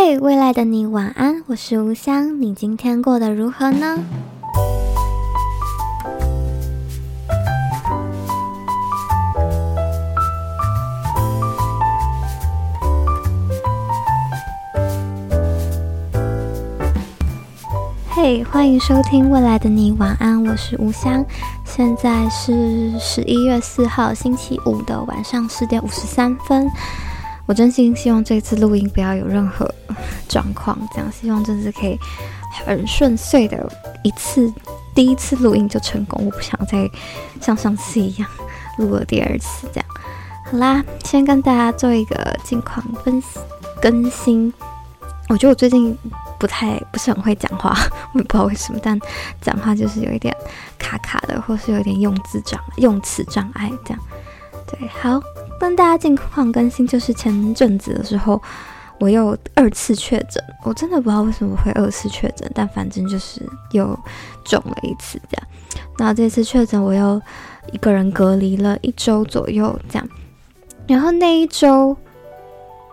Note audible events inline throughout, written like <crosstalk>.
嘿、hey,，未來的你晚安，我是無香，你今天過得如何呢？嘿、hey,，歡迎收聽《未來的你晚安》，我是無香，現在是十一月四號星期五的晚上十點五十三分。我真心希望這次錄音不要有任何狀況，這樣希望這次可以很順遂的一次，第一次錄音就成功。我不想再像上次一樣錄了第二次這樣。好啦，先跟大家做一個近況分析更新。我覺得我最近不太不是很會講話，我也不知道為什麼，但講話就是有一點卡卡的，或是有一點用字障、用詞障礙這樣。對，好。跟大家近況更新，就是前陣子的時候，我又二次確診，我真的不知道為什麼會二次確診，但反正就是又中了一次這樣。然後這次確診，我又一個人隔離了一周左右這樣。然後那一周，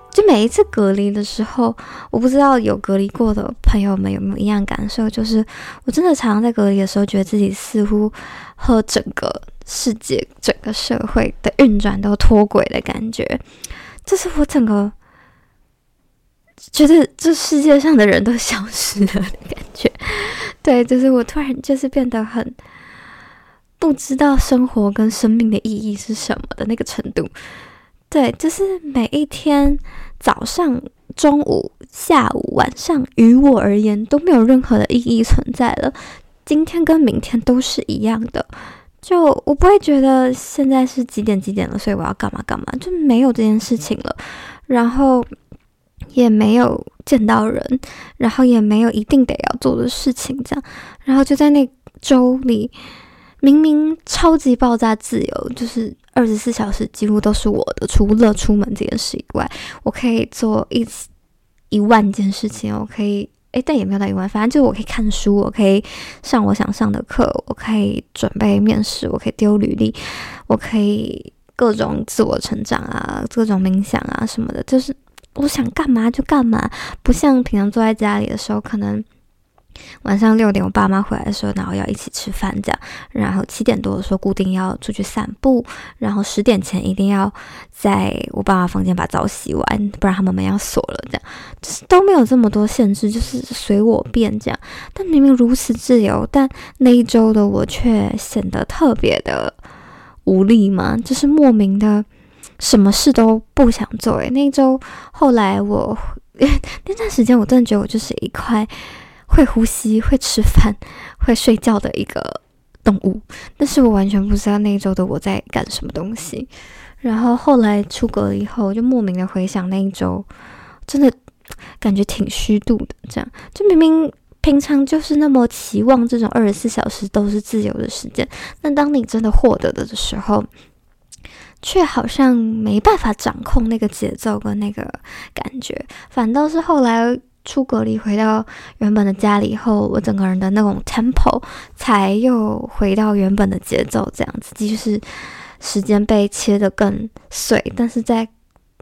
就每一次隔離的時候，我不知道有隔離過的朋友們有沒有一樣感受，就是我真的常常在隔離的時候，覺得自己似乎和整個世界整個社會的運轉都脫軌的感覺，就是我整個覺得這世界上的人都消失了的感覺。對，就是我突然就是變得很不知道生活跟生命的意義是什麼的那個程度。對，就是每一天早上、中午、下午、晚上，於我而言都沒有任何的意義存在了。今天跟明天都是一樣的。就我不會覺得現在是幾點幾點了，所以我要幹嘛幹嘛，就沒有這件事情了。然後也沒有見到人，然後也沒有一定得要做的事情這樣。然後就在那周裡，明明超級爆炸自由，就是二十四小時幾乎都是我的，除了出門這件事以外，我可以做一，一萬件事情，我可以。哎，但也沒有到意外。反正就是我可以看書，我可以上我想上的課，我可以準備面試，我可以丟履歷，我可以各種自我成長啊，各種冥想啊什麼的。就是我想幹嘛就幹嘛，不像平常坐在家裡的時候，可能。晚上六點，我爸媽回來的時候，然後要一起吃飯，這樣。然後七點多的時候固定要出去散步，然後十點前一定要在我爸媽房間把澡洗完，不然他們門要鎖了，這樣。就是都沒有這麼多限制，就是隨我便這樣。但明明如此自由，但那一週的我卻顯得特別的無力嘛，就是莫名的什麼事都不想做、欸。誒，那一週後來我 <laughs> 那段時間，我真的覺得我就是一塊。會呼吸、會吃飯、會睡覺的一個動物，但是我完全不知道那一周的我在幹什麼東西。然後後來出國了以後，就莫名的回想那一周，真的感覺挺虛度的。這樣就明明平常就是那麼期望這種二十四小時都是自由的時間，但當你真的獲得的的時候，卻好像沒辦法掌控那個節奏跟那個感覺，反倒是後來。出隔離回到原本的家裡以後，我整個人的那種 tempo 才又回到原本的節奏，這樣子，即使時間被切得更碎，但是在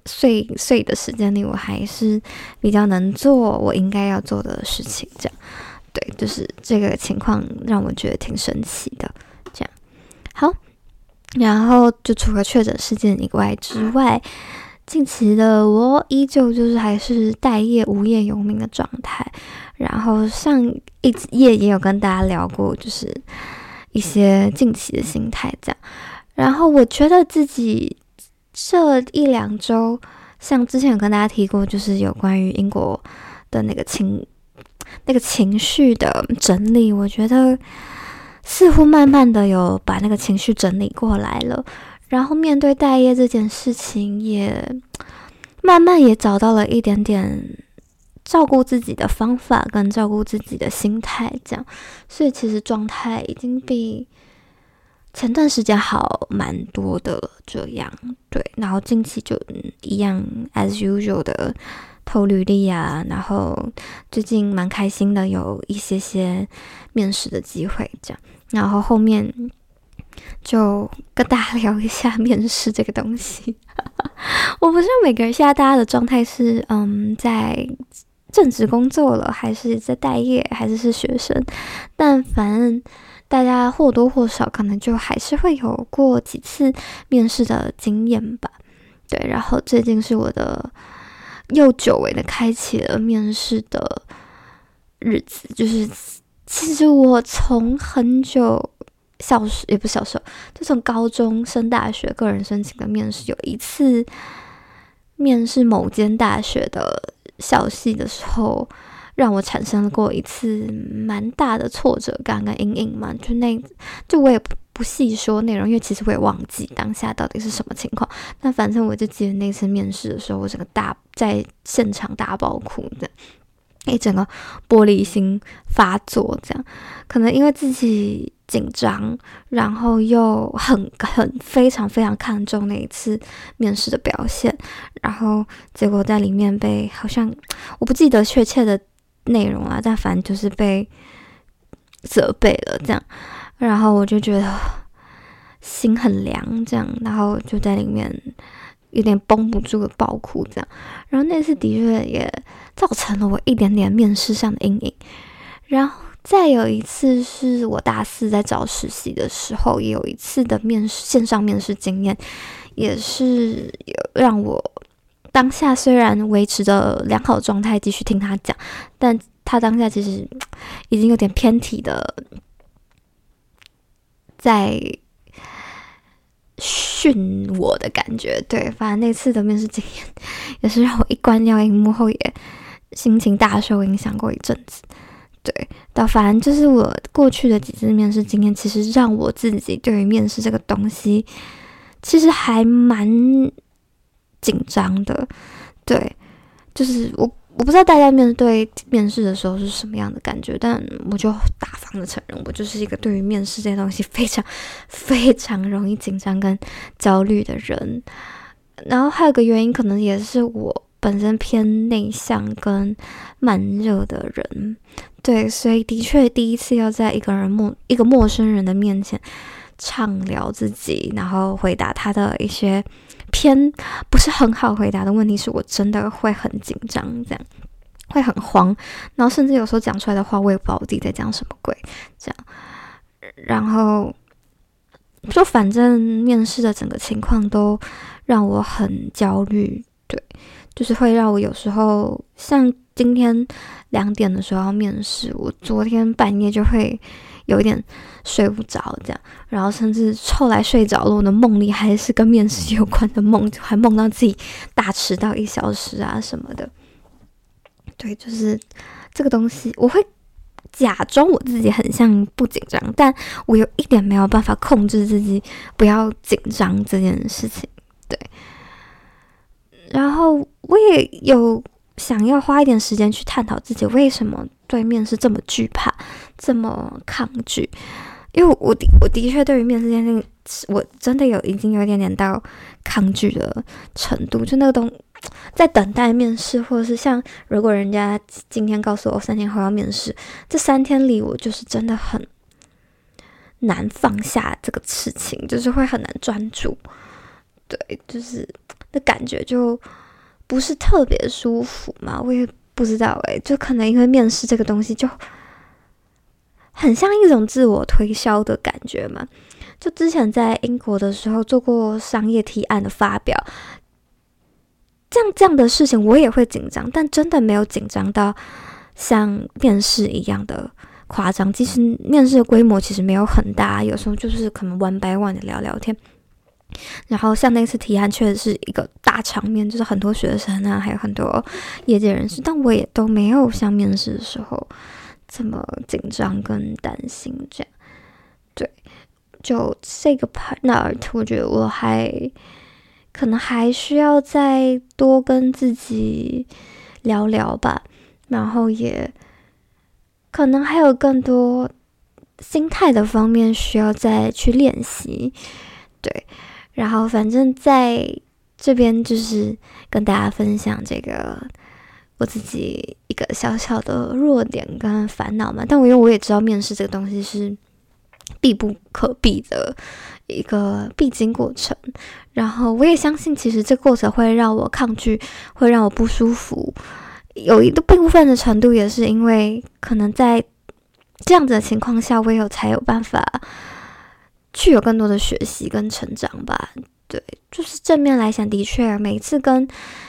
碎碎的時間裡，我還是比較能做我應該要做的事情，這樣，對，就是這個情況讓我覺得挺神奇的，這樣，好，然後就除了確診事件以外之外。近期的我依舊就是還是待業無業遊民的狀態，然後上一夜也有跟大家聊過，就是一些近期的心態這樣。然後我覺得自己這一兩週，像之前有跟大家提過，就是有關於英國的那個情那個情緒的整理，我覺得似乎慢慢的有把那個情緒整理過來了。然後面對待業這件事情，也慢慢也找到了一點點照顧自己的方法跟照顧自己的心態，這樣，所以其實狀態已經比前段時間好蠻多的這樣，對。然後近期就一樣 as usual 的投履歷啊，然後最近蠻開心的，有一些些面試的機會，這樣。然後後面。就跟大家聊一下面試這個東西。 <laughs> 我不知道每個人現在大家的狀態是，嗯，在正職工作了，還是在待業，還是是學生。但凡大家或多或少，可能就還是會有過幾次面試的經驗吧。對，然後最近是我的又久違的開啟了面試的日子。就是其實我從很久。小時也不小時候，就從高中升大學，個人申請的面試，有一次面試某間大學的校系的時候，讓我產生了過一次蠻大的挫折感跟陰影嘛。就那，就我也不細說內容，因為其實我也忘記當下到底是什麼情況。那反正我就記得那次面試的時候，我整個大在現場大爆哭的。一整個玻璃心發作，這樣，可能因為自己緊張，然後又很很非常非常看重那一次面試的表現，然後結果在裡面被好像我不記得確切的內容啊，但反正就是被責備了這樣，然後我就覺得心很涼，這樣，然後就在裡面。有點繃不住的爆哭這樣。然後那次的確也造成了我一點點面試上的陰影。然後再有一次是我大四在找實習的時候，也有一次的面試線上面試經驗，也是有讓我當下雖然維持着良好狀態繼續聽他講，但他當下其實已經有點偏題的，在。訓我的感覺，對，反正那次的面試經驗也是讓我一關掉熒幕後也心情大受我影響過一陣子，對，到反正就是我過去的幾次面試經驗，其實讓我自己對於面試這個東西其實還蠻緊張的，對，就是我。我不知道大家面對面試的時候是什麼樣的感覺，但我就大方的承認，我就是一個對於面試這些東西非常非常容易緊張跟焦慮的人。然後還有一個原因，可能也是我本身偏內向跟慢熱的人，對，所以的確第一次要在一個人陌一個陌生人的面前暢聊自己，然後回答他的一些。偏不是很好回答的問題，是我真的會很緊張，這樣會很慌，然後甚至有時候講出來的話，我也不知道自己在講什麼鬼，這樣，然後就反正面試的整個情況都讓我很焦慮，對，就是會讓我有時候像今天兩點的時候要面試，我昨天半夜就會。有一點睡不着，這樣，然後甚至後來睡着了，我的夢裡還是跟面試有關的夢，還夢到自己大遲到一小時啊什麼的。對，就是這個東西，我會假裝我自己很像不緊張，但我有一點沒有辦法控制自己不要緊張這件事情。對，然後我也有。想要花一點時間去探討自己為什麼對面試這麼懼怕、這麼抗拒，因為我的我的確對於面試這件事情，我真的有已經有一點點到抗拒的程度。就那個東在等待面試，或者是像如果人家今天告訴我三天後要面試，這三天裡我就是真的很難放下這個事情，就是會很難專注。對，就是的感覺就。不是特別舒服嘛？我也不知道哎、欸，就可能因為面試這個東西就很像一種自我推銷的感覺嘛。就之前在英國的時候做過商業提案的發表，這樣這樣的事情我也會緊張，但真的沒有緊張到像面試一樣的誇張。其實面試的規模其實沒有很大，有時候就是可能 one by one 的聊聊天。然後像那次提案確實是一個大場面，就是很多學生啊，還有很多業界人士，但我也都沒有像面試的時候這麼緊張跟擔心這樣。對，就這個 partner，我覺得我還可能還需要再多跟自己聊聊吧，然後也可能還有更多心態的方面需要再去練習，對。然後，反正在這邊就是跟大家分享這個我自己一個小小的弱點跟煩惱嘛。但我因為我也知道面試這個東西是必不可避的一個必經過程，然後我也相信其實這個過程會讓我抗拒，會讓我不舒服。有一個部分的程度也是因為可能在這樣子的情況下，我也有才有辦法。去有更多的學習跟成長吧，對，就是正面來想，的確，每次跟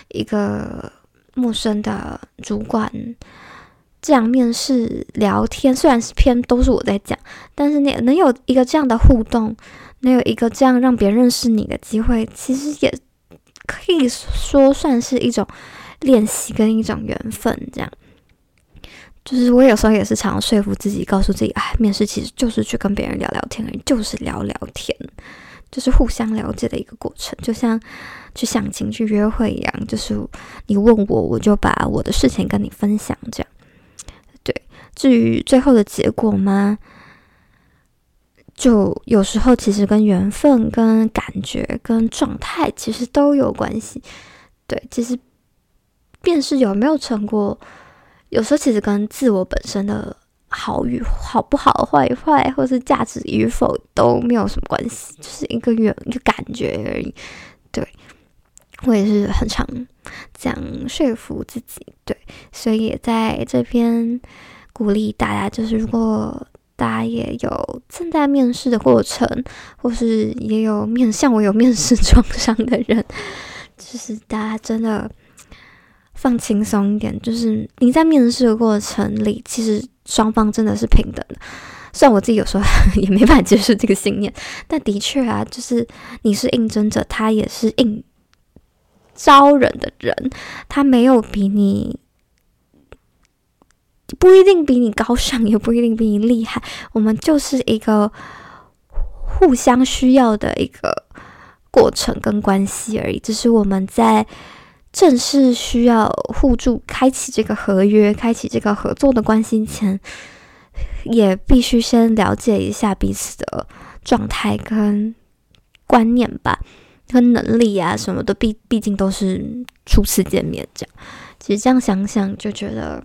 一個陌生的主管這樣面試聊天，雖然是偏都是我在講，但是你能有一個這樣的互動，能有一個這樣讓別人認識你的機會，其實也可以說算是一種練習跟一種緣分，這樣。就是我有時候也是常說服自己，告訴自己，哎，面試其實就是去跟別人聊聊天而已，就是聊聊天，就是互相了解的一個過程，就像去相親、去約會一樣，就是你問我，我就把我的事情跟你分享，這樣。對，至於最後的結果嘛，就有時候其實跟緣分、跟感覺、跟狀態其實都有關係。對，其實面試有沒有成果？有時候其實跟自我本身的好與好不，好壞與壞，或是價值與否都沒有什麼關係，就是一個遠一個感覺而已。對，我也是很常講說服自己，對，所以也在這邊鼓勵大家，就是如果大家也有正在面試的過程，或是也有面，像我有面試創傷的人，就是大家真的。放輕鬆一點，就是你在面試的過程裡，其實雙方真的是平等的。雖然我自己有時候也沒辦法接受這個信念，但的確啊，就是你是應徵者，他也是應招人的人，他沒有比你，不一定比你高尚，也不一定比你厲害。我們就是一個互相需要的一個過程跟關係而已，只、就是我們在。正是需要互助，開啟這個合約，開啟這個合作的關係前，也必須先了解一下彼此的狀態跟觀念吧，跟能力啊什麼的，畢畢竟都是初次見面這樣。其實這樣想想就覺得，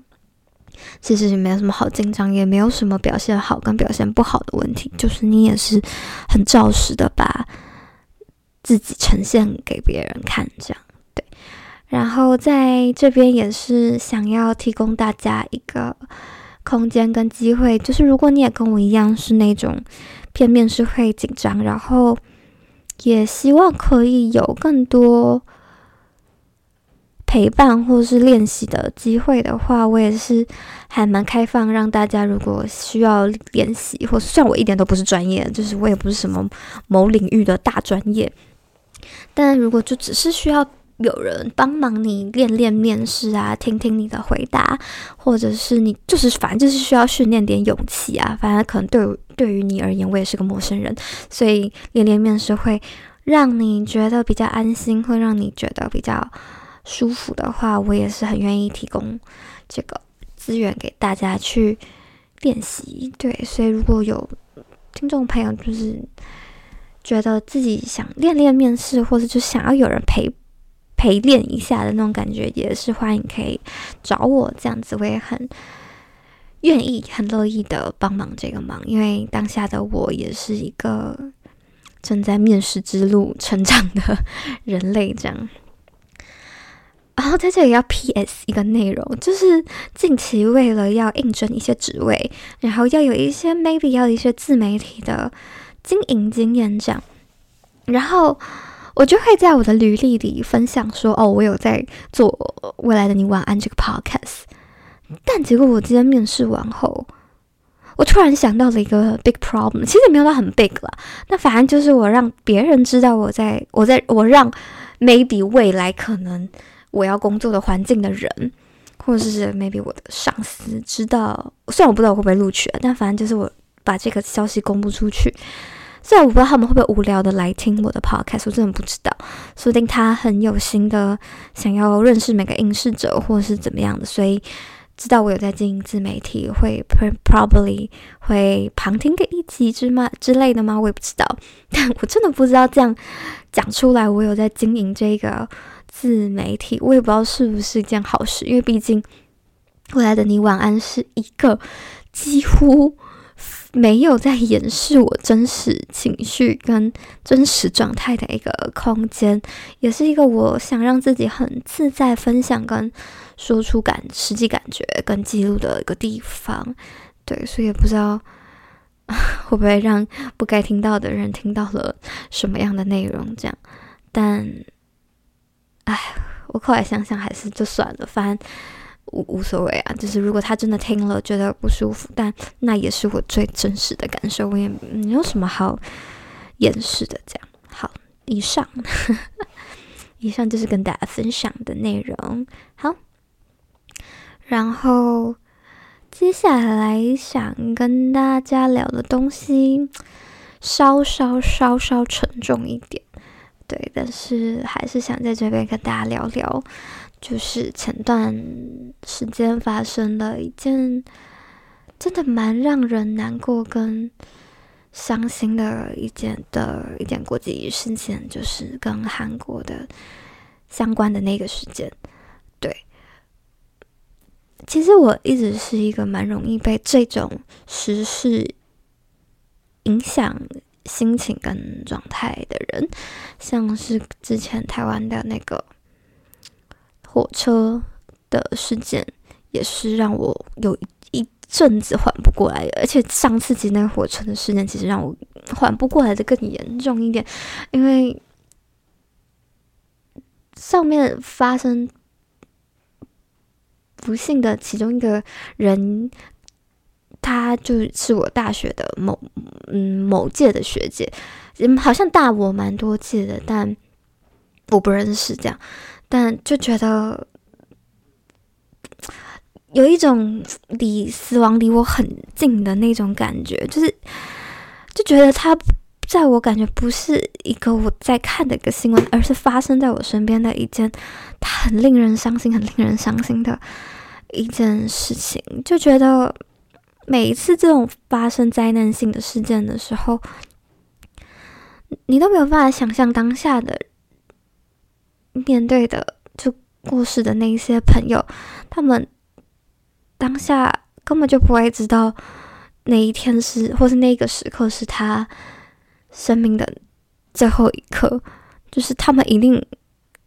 其實也沒有什麼好緊張，也沒有什麼表現好跟表現不好的問題，就是你也是很照實的把自己呈現給別人看這樣。然後在這邊也是想要提供大家一個空間跟機會，就是如果你也跟我一樣是那種偏面試會緊張，然後也希望可以有更多陪伴或是練習的機會的話，我也是還蠻開放，讓大家如果需要練習，或算我一點都不是專業，就是我也不是什麼某領域的大專業，但如果就只是需要。有人幫忙你練練面試啊，聽聽你的回答，或者是你就是反正就是需要訓練點勇氣啊。反正可能對對於你而言，我也是個陌生人，所以練練面試會讓你覺得比較安心，會讓你覺得比較舒服的話，我也是很願意提供這個資源給大家去練習。對，所以如果有聽眾朋友就是覺得自己想練練面試，或者就想要有人陪伴。陪練一下的那種感覺也是歡迎，可以找我，這樣子我也很願意、很樂意的幫忙這個忙。因為當下的我也是一個正在面試之路成長的人類，這樣。然後，oh, 在這裡要 PS 一個內容，就是近期為了要應徵一些職位，然後要有一些 maybe 要有一些自媒體的經營經驗，這樣。然後。我就會在我的履歷裡分享說，哦，我有在做《未來的你晚安》這個 podcast。但結果我今天面試完後，我突然想到了一個 big problem，其實也沒有到很 big 啦。那反正就是我讓別人知道我在我在我讓 maybe 未來可能我要工作的環境的人，或者是 maybe 我的上司知道，雖然我不知道我會不會錄取啊，但反正就是我把這個消息公布出去。然我不知道他們會不會無聊的來聽我的 podcast，我真的不知道。說不定他很有心的想要認識每個應試者，或者是怎麼樣的，所以知道我有在經營自媒體，會 probably 會旁聽個一集之嘛之類的嗎？我也不知道。但我真的不知道這樣講出來，我有在經營這個自媒體，我也不知道是不是一件好事，因為畢竟未來的你晚安是一個幾乎。沒有在掩飾我真實情緒跟真實狀態的一個空間，也是一個我想讓自己很自在分享跟說出感實際感覺跟記錄的一個地方。對，所以也不知道會不會讓不該聽到的人聽到了什麼樣的內容，這樣。但，唉，我後來想想還是就算了，反正。無無所謂啊，就是如果他真的聽了覺得不舒服，但那也是我最真實的感受，我也沒有什麼好掩飾的。這樣好，以上， <laughs> 以上就是跟大家分享的內容。好，然後接下來想跟大家聊的東西稍稍稍稍稍沉重一點，對，但是還是想在這邊跟大家聊聊。就是前段時間發生了一件真的蠻讓人難過跟傷心的一件的一件國際事件，就是跟韓國的相關的那個事件。對，其實我一直是一個蠻容易被這種時事影響心情跟狀態的人，像是之前台灣的那個。火車的事件也是讓我有一陣子緩不過來，而且上次擠那個火車的事件其實讓我緩不過來的更嚴重一點，因為上面發生不幸的其中一個人，他就是我大學的某嗯某屆的學姐，嗯，好像大我蠻多屆的，但我不認識這樣。但就覺得有一種離死亡離我很近的那種感覺，就是就覺得他在我感覺不是一個我在看的一個新聞，而是發生在我身邊的一件，他很令人傷心、很令人傷心的一件事情。就覺得每一次這種發生災難性的事件的時候，你都沒有辦法想象當下的。面對的就過世的那一些朋友，他們當下根本就不會知道那一天是或是那個時刻是他生命的最後一刻，就是他們一定啊、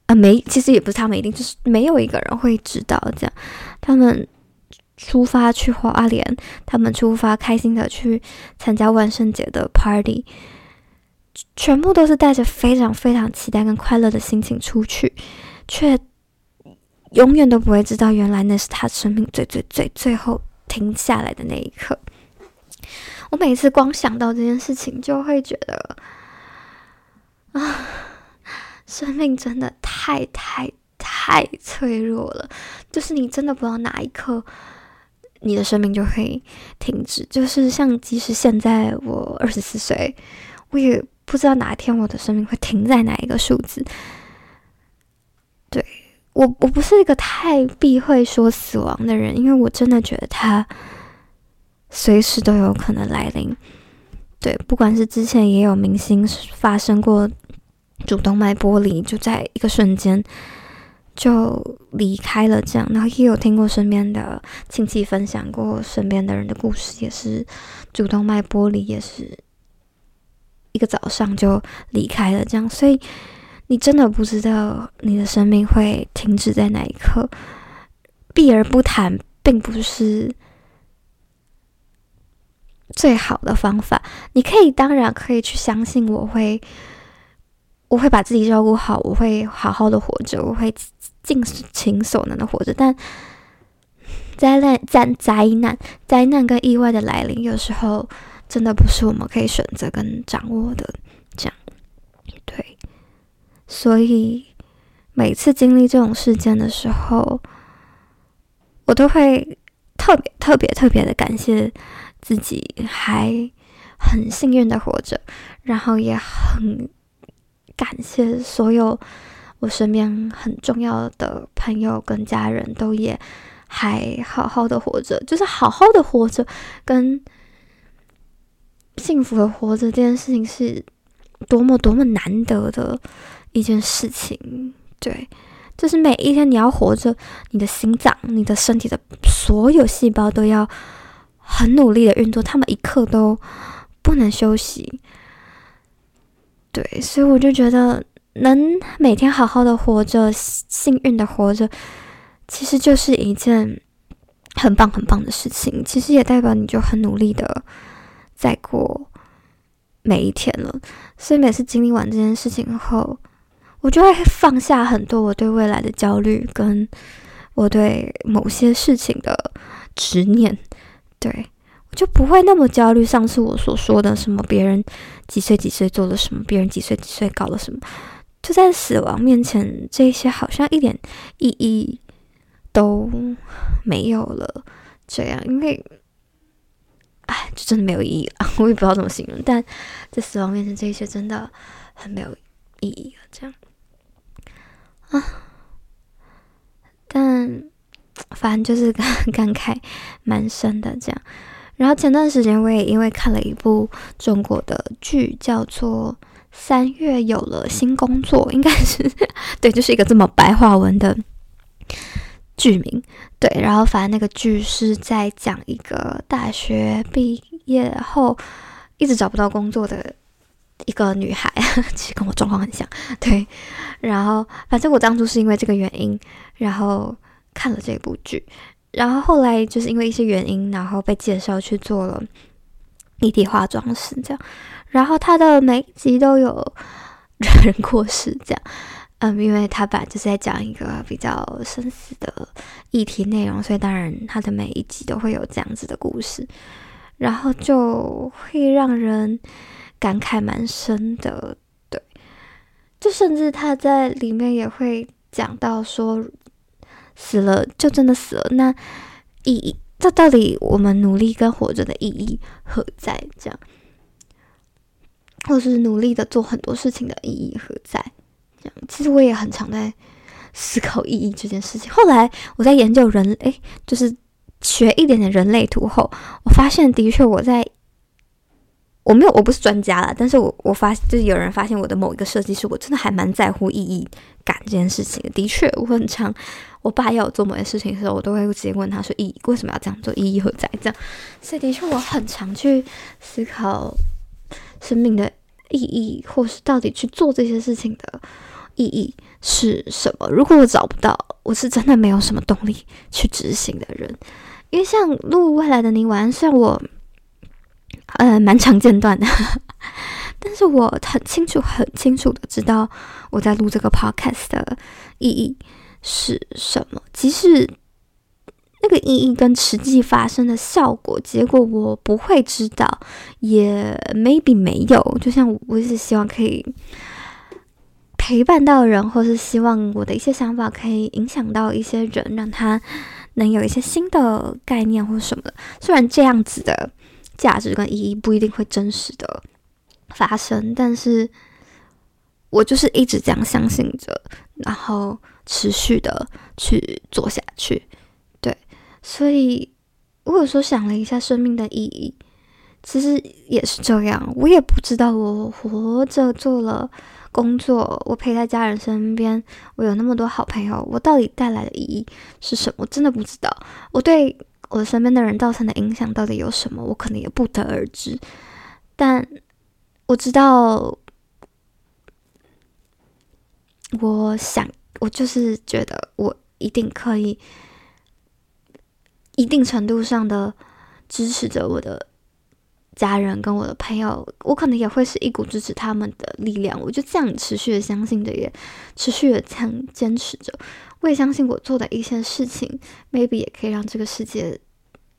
呃、沒，其實也不是他們一定，就是沒有一個人會知道這樣。他們出發去花蓮，他們出發開心的去參加萬聖節的 party。全部都是帶着非常非常期待跟快樂的心情出去，卻永遠都不會知道，原來那是他生命最最最最最後停下來的那一刻。我每次光想到這件事情，就會覺得啊，生命真的太太太脆弱了，就是你真的不知道哪一刻你的生命就會停止。就是像，即使現在我二十四歲，我也。不知道哪一天我的生命會停在哪一個數字。對，我我不是一個太避諱說死亡的人，因為我真的覺得他隨時都有可能來臨。對，不管是之前也有明星發生過主動脈剝離，就在一個瞬間就離開了這樣。然後也有聽過身邊的親戚分享過身邊的人的故事，也是主動脈剝離，也是。一個早上就離開了，這樣，所以你真的不知道你的生命會停止在哪一刻。避而不談，並不是最好的方法。你可以，當然可以去相信我會，我會把自己照顧好，我會好好的活着，我會盡己所能的活着。但災難、災災難、災難跟意外的來臨，有時候。真的不是我們可以選擇跟掌握的，這樣對，所以每次經歷這種事件的時候，我都會特別特別特別的感謝自己還很幸運的活着，然後也很感謝所有我身邊很重要的朋友跟家人都也還好好的活着，就是好好的活着跟。幸福的活着這件事情是多麼多麼難得的一件事情，對，就是每一天你要活着，你的心臟、你的身體的所有細胞都要很努力的運作，他們一刻都不能休息。對，所以我就覺得能每天好好的活着、幸運的活着，其實就是一件很棒很棒的事情。其實也代表你就很努力的。再過每一天了，所以每次經歷完這件事情後，我就會放下很多我對未來的焦慮，跟我對某些事情的執念，對，我就不會那麼焦慮。上次我所說的什麼別人幾歲幾歲做了什麼，別人幾歲幾歲搞了什麼，就在死亡面前，這些好像一點意義都沒有了。這樣，因為。哎，就真的沒有意義了，我也不知道怎麼形容。但在死亡面前，這一切真的很沒有意義了啊。這樣啊，但反正就是感感慨蠻深的。這樣，然後前段時間我也因為看了一部中國的劇，叫做《三月有了新工作》，應該是對，就是一個這麼白話文的。劇名對，然後反正那個劇是在講一個大學畢業後一直找不到工作的一個女孩，呵呵其實跟我狀況很像。對，然後反正我當初是因為這個原因，然後看了這部劇，然後後來就是因為一些原因，然後被介紹去做了遺體化妝師，這樣。然後他的每一集都有人過世，這樣。嗯，因為他本來就是在講一個比較生死的議題內容，所以當然他的每一集都會有這樣子的故事，然後就會讓人感慨蠻深的。對，就甚至他在裡面也會講到說，死了就真的死了，那意義，這到底我們努力跟活着的意義何在？這樣，或是努力的做很多事情的意義何在？其實我也很常在思考意義這件事情。後來我在研究人，誒，就是學一點點人類圖後，我發現的確我在我沒有我不是專家啦，但是我我發現就是有人發現我的某一個設計師，我真的還蠻在乎意義感這件事情的。的確，我很常，我爸要我做某件事情的時候，我都會直接問他說：“意義為什麼要這樣做？意義何在？”這樣，所以的確我很常去思考生命的意義，或是到底去做這些事情的。意義是什麼？如果我找不到，我是真的沒有什麼動力去執行的人。因為像錄未來的你，完雖然我呃蠻長間斷的呵呵，但是我很清楚、很清楚的知道我在錄這個 podcast 的意義是什麼。其實那個意義跟實際發生的效果、結果，我不會知道，也 maybe 沒有。就像我是希望可以。陪伴到人，或是希望我的一些想法可以影響到一些人，讓他能有一些新的概念或什麼的。雖然這樣子的價值跟意義不一定會真實的發生，但是我就是一直這樣相信着，然後持續的去做下去。對，所以我有時候想了一下生命的意義。其實也是這樣，我也不知道，我活着做了工作，我陪在家人身邊，我有那麼多好朋友，我到底帶來的意義是什麼？我真的不知道，我對我身邊的人造成的影響到底有什麼，我可能也不得而知。但我知道，我想，我就是覺得，我一定可以一定程度上的支持着我的。家人跟我的朋友，我可能也會是一股支持他們的力量。我就這樣持續的相信着，也持續的這樣堅持着。我也相信我做的一些事情，maybe 也可以讓這個世界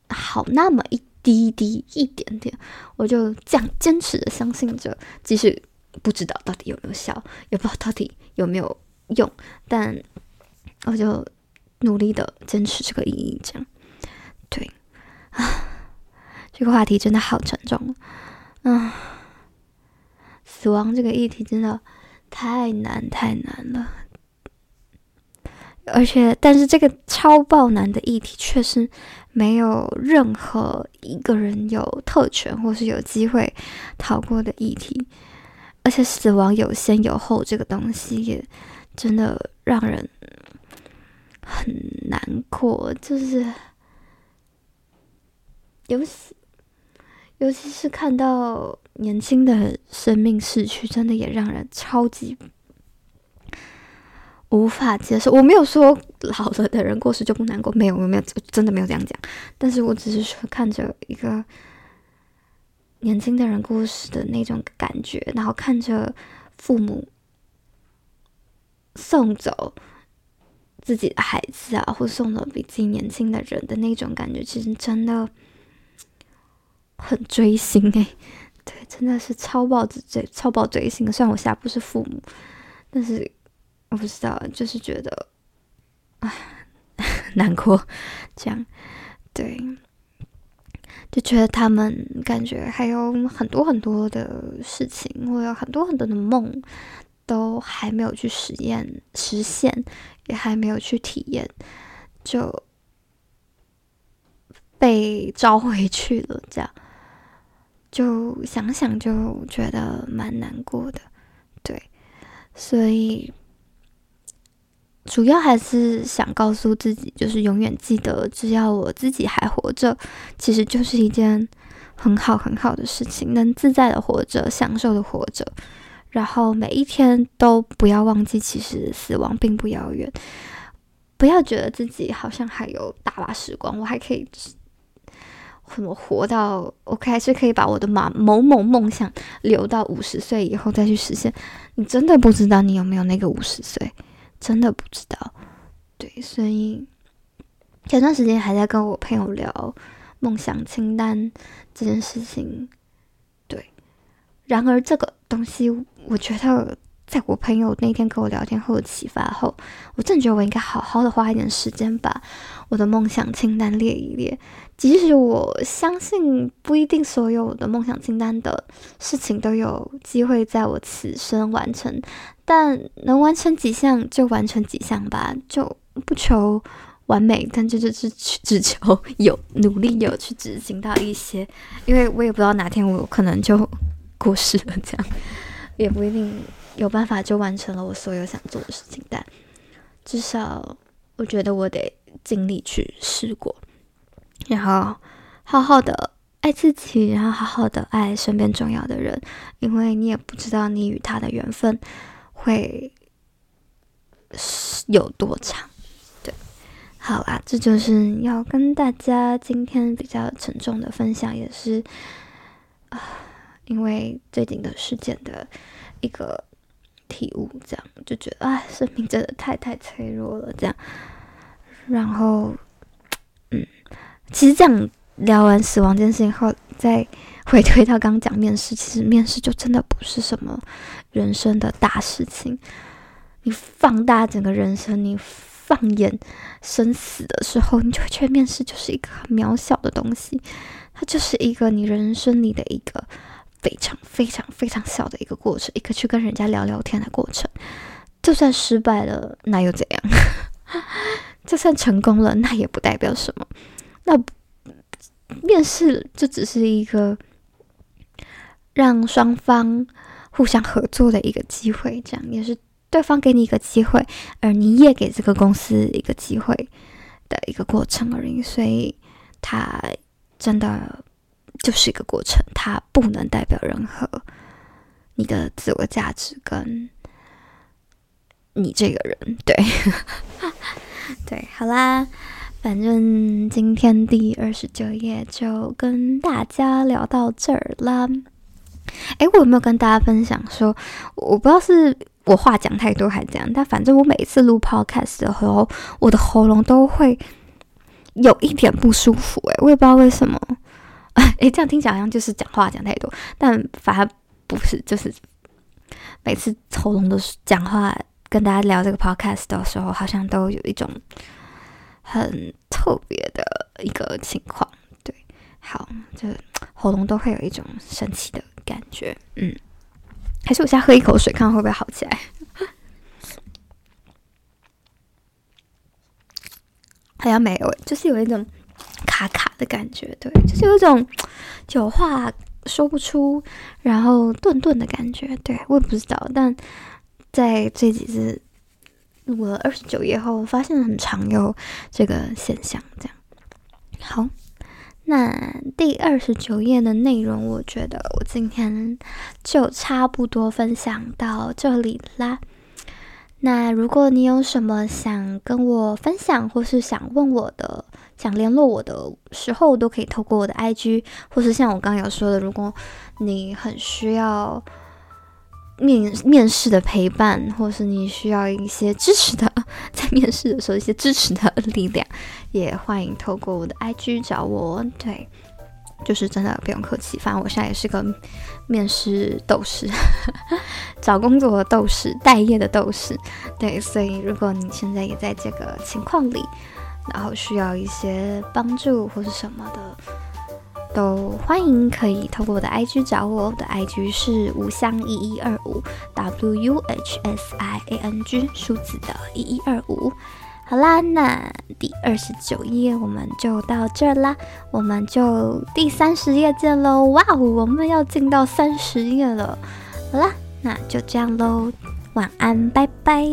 好那麼一滴滴、一點點。我就這樣堅持的相信着，即使不知道到底有沒有效，也不知道到底有沒有用，但我就努力的堅持這個意義，這樣。這個話題真的好沉重，啊、嗯！死亡這個議題真的太難太難了，而且但是這個超爆難的議題，確實沒有任何一個人有特權或是有機會逃過的議題，而且死亡有先有後這個東西也真的讓人很難過，就是有死。尤其是看到年輕的生命逝去，真的也讓人超級無法接受。我沒有說老了的人過世就不難過，沒有，我沒有，我真的沒有這樣講。但是我只是說，看着一個年輕的人過世的那種感覺，然後看着父母送走自己的孩子啊，或送走比自己年輕的人的那種感覺，其實真的。很追星誒、欸，對，真的是超爆追超爆追星的。雖然我現在不是父母，但是我不知道，就是覺得啊，難過這樣。對，就覺得他們感覺還有很多很多的事情，會有很多很多的夢，都還沒有去實驗實現，也還沒有去體驗，就被召回去了這樣。就想想就覺得蠻難過的，對，所以主要還是想告訴自己，就是永遠記得，只要我自己還活着，其實就是一件很好很好的事情，能自在的活着，享受的活着，然後每一天都不要忘記，其實死亡並不遙遠，不要覺得自己好像還有大把時光，我還可以。怎麼活到？我還是可以把我的馬某某夢想留到五十歲以後再去實現。你真的不知道你有沒有那個五十歲，真的不知道。對，所以前段時間還在跟我朋友聊夢想清單這件事情。對，然而這個東西，我覺得。在我朋友那天跟我聊天後啟發後，我真的覺得我應該好好的花一點時間把我的夢想清單列一列。即使我相信不一定所有的夢想清單的事情都有機會在我此生完成，但能完成幾項就完成幾項吧，就不求完美，但就就只只求有努力有去執行到一些。因為我也不知道哪天我可能就過世了，這樣 <laughs> 也不一定。有辦法就完成了我所有想做的事情，但至少我覺得我得盡力去試過，然後好好的愛自己，然後好好的愛身邊重要的人，因為你也不知道你與他的緣分會有多長。對，好啦，這就是要跟大家今天比較沉重的分享，也是啊、呃，因為最近的事件的一個體悟，這樣就覺得，哎，生命真的太太脆弱了，這樣。然後，嗯，其實這樣聊完死亡這件事情後，再回推到剛剛講面試，其實面試就真的不是什麼人生的大事情。你放大整個人生，你放眼生死的時候，你就會覺得面試就是一個很渺小的東西，它就是一個你人生裡的一個。非常非常非常小的一個過程，一個去跟人家聊聊天的過程，就算失敗了，那又怎樣？ <laughs> 就算成功了，那也不代表什麼。那面試就只是一個讓雙方互相合作的一個機會，這樣也是對方給你一個機會，而你也給這個公司一個機會的一個過程而已。所以，他真的。就是一個過程，它不能代表任何你的自我價值，跟你這個人，對 <laughs> 對，好啦，反正今天第二十九夜就跟大家聊到這兒啦。哎，我有沒有跟大家分享說，我不知道是我話講太多還是怎樣，但反正我每一次錄 podcast 的時候，我的喉嚨都會有一點不舒服，欸。哎，我也不知道為什麼。哎、 <laughs> 欸，這樣聽起來好像就是講話講太多，但反而不是，就是每次喉嚨都講話跟大家聊這個 podcast 的時候，好像都有一種很特別的一個情況，對，好，就喉嚨都會有一種神奇的感覺，嗯，還是我先喝一口水，看看會不會好起來。好像沒有，就是有一種。卡卡的感覺，對，就是有一種有話說不出，然後頓頓的感覺，對，我也不知道。但在這幾次錄了二十九夜後，發現很常有這個現象。這樣。好，那第二十九夜的內容，我覺得我今天就差不多分享到這裡啦。那如果你有什麼想跟我分享或是想問我的，想聯絡我的時候，都可以透過我的 IG，或是像我剛剛有說的，如果你很需要面面試的陪伴，或是你需要一些支持的，在面試的時候一些支持的力量，也歡迎透過我的 IG 找我。對，就是真的不用客氣，反正我現在也是個面試鬥士，找工作的鬥士，待業的鬥士。對，所以如果你現在也在這個情況裡。然後需要一些幫助或是什麼的，都歡迎可以透過我的 I G 找我，我的 I G 是五箱一一二五 W U H S I A N G 數字的一一二五。好啦，那第二十九夜我們就到這兒啦，我們就第三十夜見嘍。哇哦，我們要進到三十夜了。好啦，那就這樣嘍，晚安，拜拜。